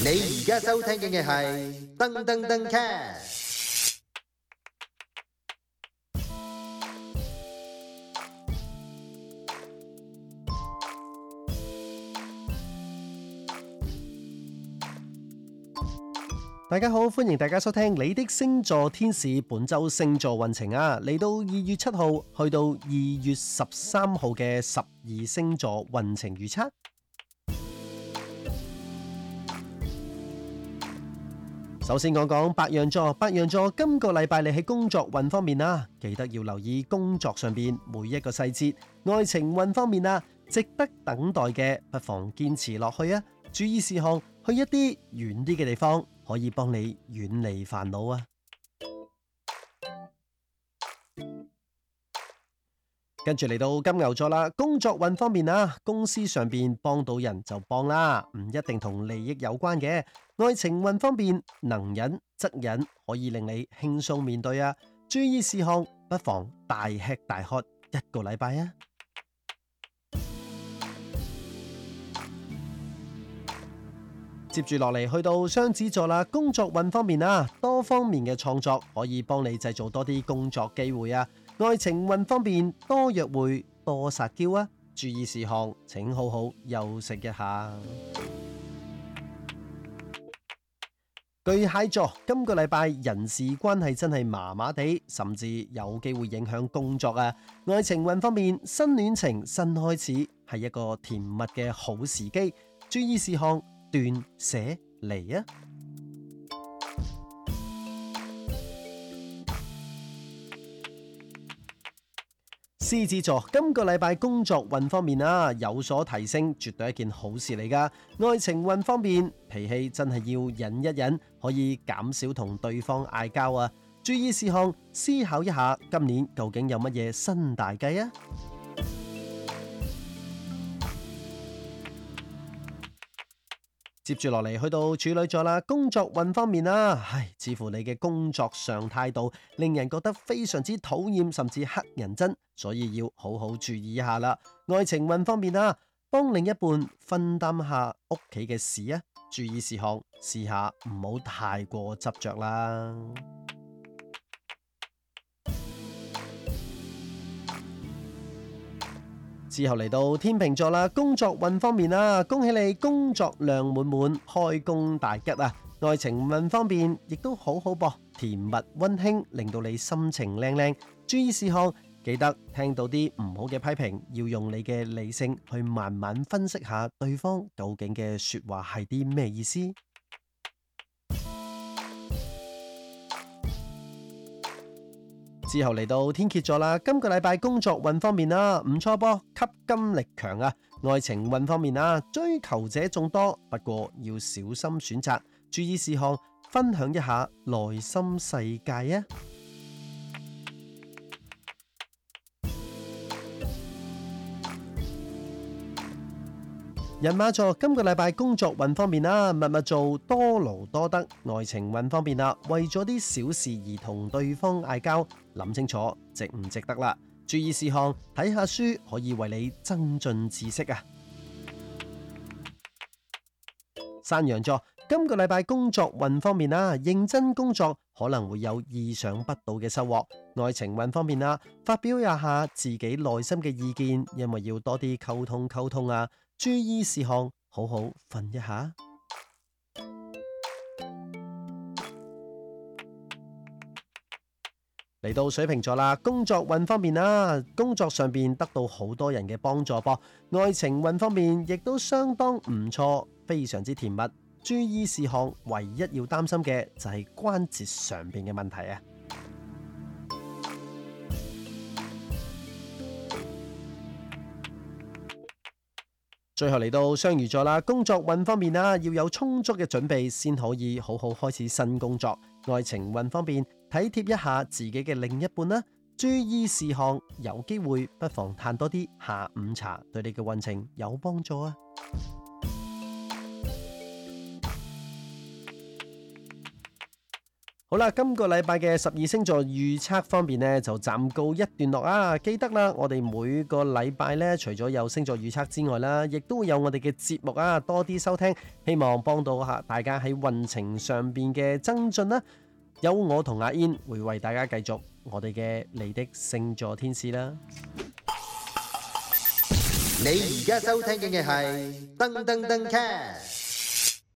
你而家收聽嘅係噔噔噔 cast。大家好，歡迎大家收聽你的星座天使本周星座運程啊，嚟到二月七號去到二月十三號嘅十二星座運程預測。首先講講白羊座，白羊座今個禮拜你喺工作運方面啊，記得要留意工作上邊每一個細節。愛情運方面啊，值得等待嘅，不妨堅持落去啊。注意事項，去一啲遠啲嘅地方，可以幫你遠離煩惱啊。跟住嚟到金牛座啦，工作運方面啊，公司上邊幫到人就幫啦，唔一定同利益有關嘅。愛情運方面，能忍則忍，可以令你輕鬆面對啊。注意事項，不妨大吃大喝一個禮拜啊。接住落嚟去到雙子座啦，工作運方面啊，多方面嘅創作可以幫你製造多啲工作機會啊。愛情運方面，多約會，多撒嬌啊！注意事項，請好好休息一下。巨蟹座今個禮拜人事關係真係麻麻地，甚至有機會影響工作啊！愛情運方面，新戀情，新開始係一個甜蜜嘅好時機，注意事項，斷舍離啊！獅子座今個禮拜工作運方面啊，有所提升，絕對係一件好事嚟噶。愛情運方面，脾氣真係要忍一忍，可以減少同對方嗌交啊。注意事項，思考一下今年究竟有乜嘢新大計啊。接住落嚟，去到處女座啦，工作運方面啦、啊，唉，似乎你嘅工作上態度令人覺得非常之討厭，甚至黑人憎，所以要好好注意一下啦。愛情運方面啊，幫另一半分擔下屋企嘅事啊，注意事項，試下唔好太過執着啦。之後嚟到天秤座啦，工作運方面啦、啊，恭喜你工作量滿滿，開工大吉啊！愛情運方面亦都好好、啊、噃，甜蜜温馨，令到你心情靚靚。注意事項，記得聽到啲唔好嘅批評，要用你嘅理性去慢慢分析下對方究竟嘅說話係啲咩意思。之後嚟到天蠍座啦，今個禮拜工作運方面啦，唔錯噃，吸金力強啊，愛情運方面啊，追求者眾多，不過要小心選擇，注意事項，分享一下內心世界啊。人馬座，今個禮拜工作運方面啦，默默做多勞多得，愛情運方面啦。為咗啲小事而同對方嗌交，諗清楚值唔值得啦。注意事項，睇下書可以為你增進知識啊。山羊座。今個禮拜工作運方面啦、啊，認真工作可能會有意想不到嘅收穫。愛情運方面啦、啊，發表一下自己內心嘅意見，因為要多啲溝通溝通啊。注意事項，好好瞓一下。嚟到水瓶座啦，工作運方面啦、啊，工作上邊得到好多人嘅幫助、啊，噃。愛情運方面亦都相當唔錯，非常之甜蜜。注意事項，唯一要擔心嘅就係關節上邊嘅問題啊！最後嚟到雙魚座啦，工作運方面啦，要有充足嘅準備先可以好好開始新工作。愛情運方面，體貼一下自己嘅另一半啦。注意事項，有機會不妨嘆多啲下午茶，對你嘅運程有幫助啊！好啦，今個禮拜嘅十二星座預測方面呢，就暫告一段落啊！記得啦，我哋每個禮拜呢，除咗有星座預測之外啦，亦都有我哋嘅節目啊，多啲收聽，希望幫到下大家喺運程上邊嘅增進啦。有我同阿 In 會為大家繼續我哋嘅你的星座天使啦。你而家收聽嘅係燈登登 c a